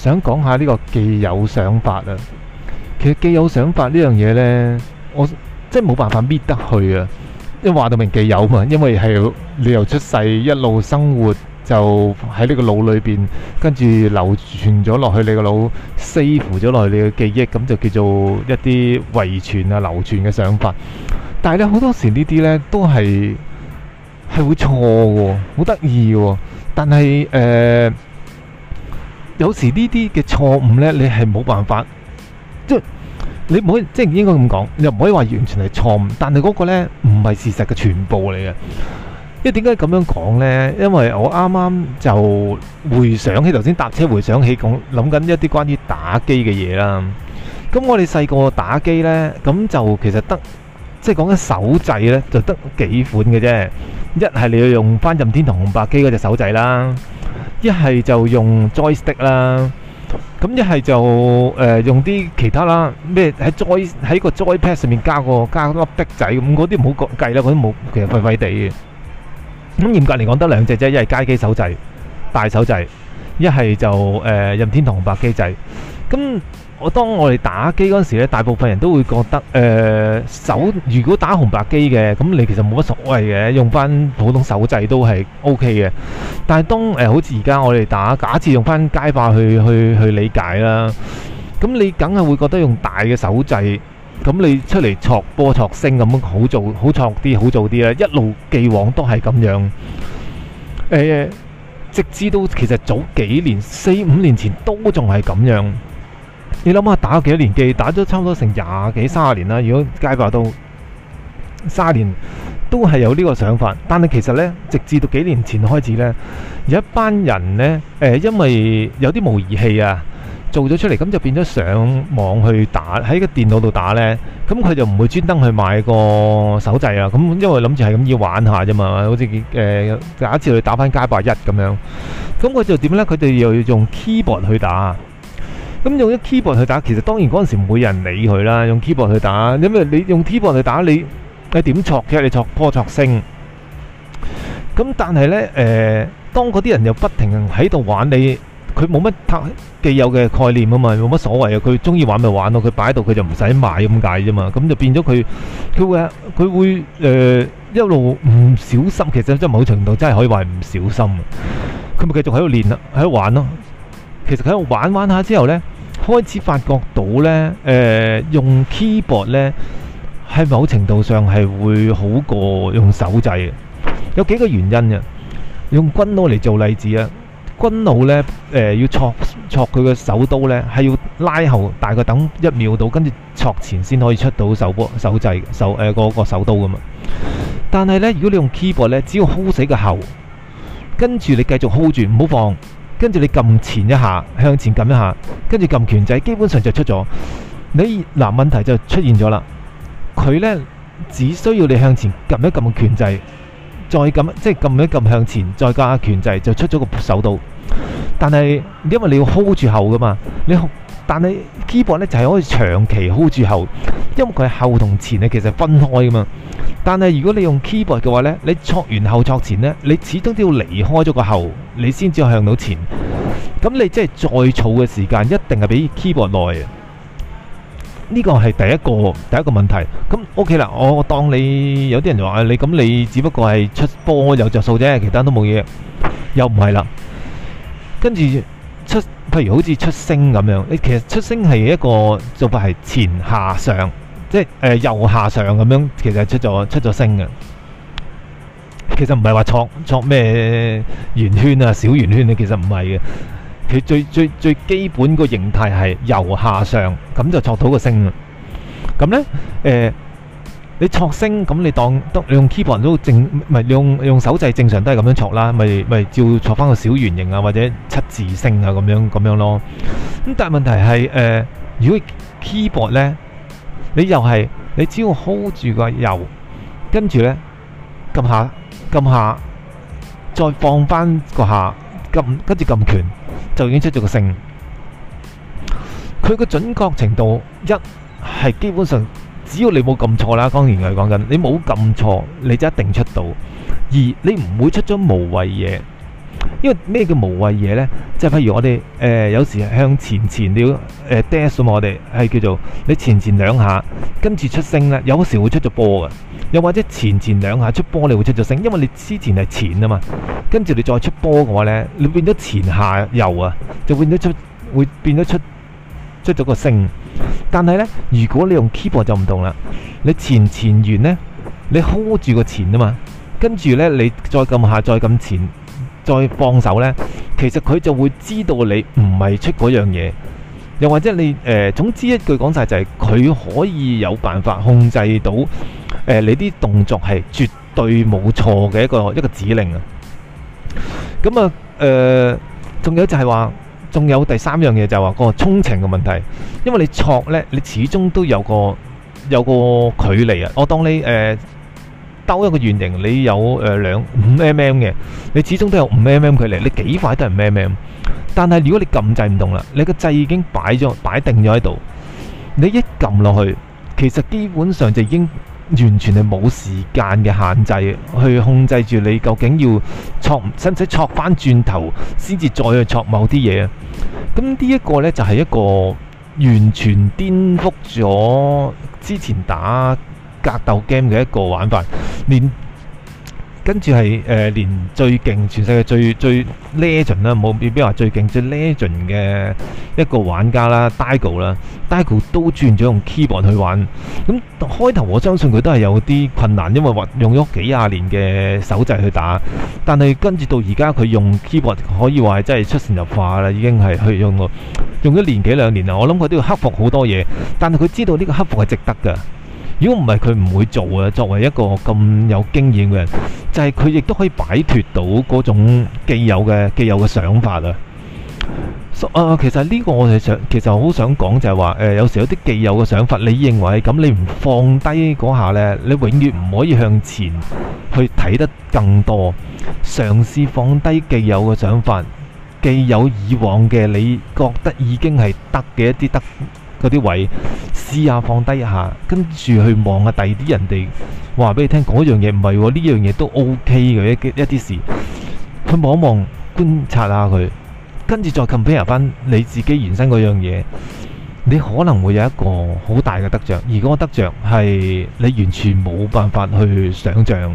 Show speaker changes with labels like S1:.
S1: 想講下呢個既有想法啊，其實既有想法呢樣嘢呢，我即係冇辦法搣得去啊！因為話到明既有嘛，因為係你由出世一路生活，就喺呢個腦裏邊，跟住流傳咗落去你個腦，save 咗落去你嘅記憶，咁就叫做一啲遺傳啊、流傳嘅想法。但係咧，好多時呢啲呢，都係係會錯嘅，好得意嘅，但係誒。呃有時呢啲嘅錯誤呢，你係冇辦法，即係你唔可以即係唔應該咁講，你又唔可以話完全係錯誤，但係嗰個呢唔係事實嘅全部嚟嘅。因為點解咁樣講呢？因為我啱啱就回想起頭先搭車，回想起講諗緊一啲關於打機嘅嘢啦。咁我哋細個打機呢，咁就其實得即係講緊手掣呢，就得幾款嘅啫。一係你要用返任天堂紅白機嗰隻手掣啦。一係就用 JoyStick 啦，咁一係就誒用啲其他啦，咩喺 Joy 喺個 JoyPad 上面加個加粒滴仔，咁嗰啲唔好計啦，嗰啲冇其實廢廢地嘅。咁嚴格嚟講得兩隻啫，一係街機手掣，大手掣，一係就誒任天堂紅白機掣，咁。我當我哋打機嗰時咧，大部分人都會覺得誒、呃、手。如果打紅白機嘅，咁你其實冇乜所謂嘅，用翻普通手掣都係 O K 嘅。但係當誒、呃，好似而家我哋打，假設用翻街霸去去去理解啦。咁你梗係會覺得用大嘅手掣，咁你出嚟戳波戳聲咁樣好做好戳啲，好做啲咧。一路既往都係咁樣誒、呃，直至到其實早幾年四五年前都仲係咁樣。你諗下打幾多年機，打咗差唔多成廿幾三十年啦。如果街霸到卅年，都係有呢個想法。但係其實呢，直至到幾年前開始呢，有一班人呢，誒、呃，因為有啲模擬器啊，做咗出嚟，咁就變咗上網去打喺個電腦度打呢，咁佢就唔會專登去買個手掣啊。咁因為諗住係咁要玩下啫嘛，好似誒假設去打翻街霸一咁樣，咁佢就點呢？佢哋又要用 keyboard 去打。咁、嗯、用一 keyboard 去打，其實當然嗰陣時唔會有人理佢啦。用 keyboard 去打，因為你用 keyboard 去打，你你點挫嘅，你挫破挫聲。咁但係呢，誒、呃，當嗰啲人又不停喺度玩你，佢冇乜既有嘅概念啊嘛，冇乜所謂啊。佢中意玩咪玩咯，佢擺喺度佢就唔使買咁解啫嘛。咁就變咗佢，佢會佢會、呃、一路唔小心，其實真係唔好程度，真係可以話唔小心。佢咪繼續喺度練啦，喺度玩咯。其實喺度玩玩下之後呢，開始發覺到、呃、呢，誒，用 keyboard 呢，喺某程度上係會好過用手掣嘅。有幾個原因嘅、啊。用軍佬嚟做例子啊，軍佬呢，誒、呃，要戳佢個手刀呢，係要拉後，大概等一秒到，跟住戳前先可以出到手波手掣手誒、呃那個手刀噶嘛。但係呢，如果你用 keyboard 呢，只要 hold 死個喉，跟住你繼續 hold 住，唔好放。跟住你撳前一下，向前撳一下，跟住撳拳掣，基本上就出咗。你嗱、啊、問題就出現咗啦。佢呢，只需要你向前撳一撳拳掣，再撳即係撳一撳向前，再加拳掣就出咗個手度。但係因為你要 hold 住後噶嘛，你但係 keyboard 呢就係可以長期 hold 住後，因為佢係後同前呢，其實分開噶嘛。但係如果你用 keyboard 嘅話呢，你挫完後挫前呢，你始終都要離開咗個後，你先至向到前。咁你即係再儲嘅時間，一定係比 keyboard 耐。呢、這個係第一個第一個問題。咁 O K 啦，我當你有啲人就話，你咁你只不過係出波有着數啫，其他都冇嘢。又唔係啦，跟住出，譬如好似出聲咁樣，你其實出聲係一個做法係前下上。即係誒，右下上咁樣，其實出咗出咗升嘅。其實唔係話挫挫咩圓圈啊，小圓圈啊，其實唔係嘅。佢最最最基本個形態係右下上，咁就挫到個升啦。咁咧誒，你挫升咁，你當當你用 keyboard 都正，唔係你用用手掣正常都係咁樣挫啦，咪咪照挫翻個小圓形啊，或者七字升啊咁樣咁樣咯。咁但係問題係誒，如果 keyboard 咧？你又係，你只要 hold 住個油，跟住呢，撳下撳下，再放翻個下撳，跟住撳拳，就已經出咗個聲。佢個準確程度一係基本上，只要你冇撳錯啦，當然我係講緊你冇撳錯，你就一定出到。二你唔會出咗無謂嘢。因為咩叫無謂嘢呢？即係譬如我哋誒、呃，有時向前前你要誒 dash 嘛，我哋係叫做你前前兩下跟住出聲咧，有時會出咗波嘅。又或者前前兩下出波，你會出咗聲，因為你之前係前啊嘛，跟住你再出波嘅話呢，你變咗前下游啊，就變咗出會變咗出出咗個聲。但係呢，如果你用 keyboard 就唔同啦，你前前完呢，你 hold 住個前啊嘛，跟住呢，你再撳下再撳前。再放手呢，其實佢就會知道你唔係出嗰樣嘢，又或者你誒、呃、總之一句講晒、就係，就係佢可以有辦法控制到誒、呃、你啲動作係絕對冇錯嘅一個一個指令啊！咁啊誒，仲、呃、有就係話，仲有第三樣嘢就係話、嗰個沖程嘅問題，因為你錯呢，你始終都有個有個距離啊！我當你誒。呃兜一個圓形，你有誒兩五 mm 嘅，你始終都有五 mm 距離，你幾快都係五 mm。但係如果你撳掣唔同啦，你個掣已經擺咗擺定咗喺度，你一撳落去，其實基本上就已經完全係冇時間嘅限制去控制住你究竟要戳，使唔使戳翻轉頭先至再去戳某啲嘢。咁呢一個呢，就係、是、一個完全顛覆咗之前打。格鬥 game 嘅一個玩法，連跟住係誒連最勁，全世界最最 legend 啦，冇必要話最勁最 legend 嘅一個玩家啦 Daigo 啦 Daigo 都轉咗用 keyboard 去玩。咁開頭我相信佢都係有啲困難，因為用咗幾廿年嘅手掣去打。但係跟住到而家佢用 keyboard，可以話係真係出神入化啦，已經係去用咗用咗一年幾兩年啦。我諗佢都要克服好多嘢，但係佢知道呢個克服係值得㗎。如果唔係佢唔會做啊！作為一個咁有經驗嘅人，就係佢亦都可以擺脫到嗰種既有嘅既有嘅想法啊！啊、so，呃，其實呢個我哋想，其實好想講就係話誒，有時有啲既有嘅想法，你認為咁，你唔放低嗰下呢，你永遠唔可以向前去睇得更多。嘗試放低既有嘅想法，既有以往嘅你覺得已經係得嘅一啲得。嗰啲位試下放低一下，跟住去望下第二啲人哋話俾你聽，嗰樣嘢唔係，呢樣嘢都 OK 嘅一啲一啲事，去望一望觀察下佢，跟住再 compare 翻你自己原生嗰樣嘢，你可能會有一個好大嘅得着，而果個得着係你完全冇辦法去想像。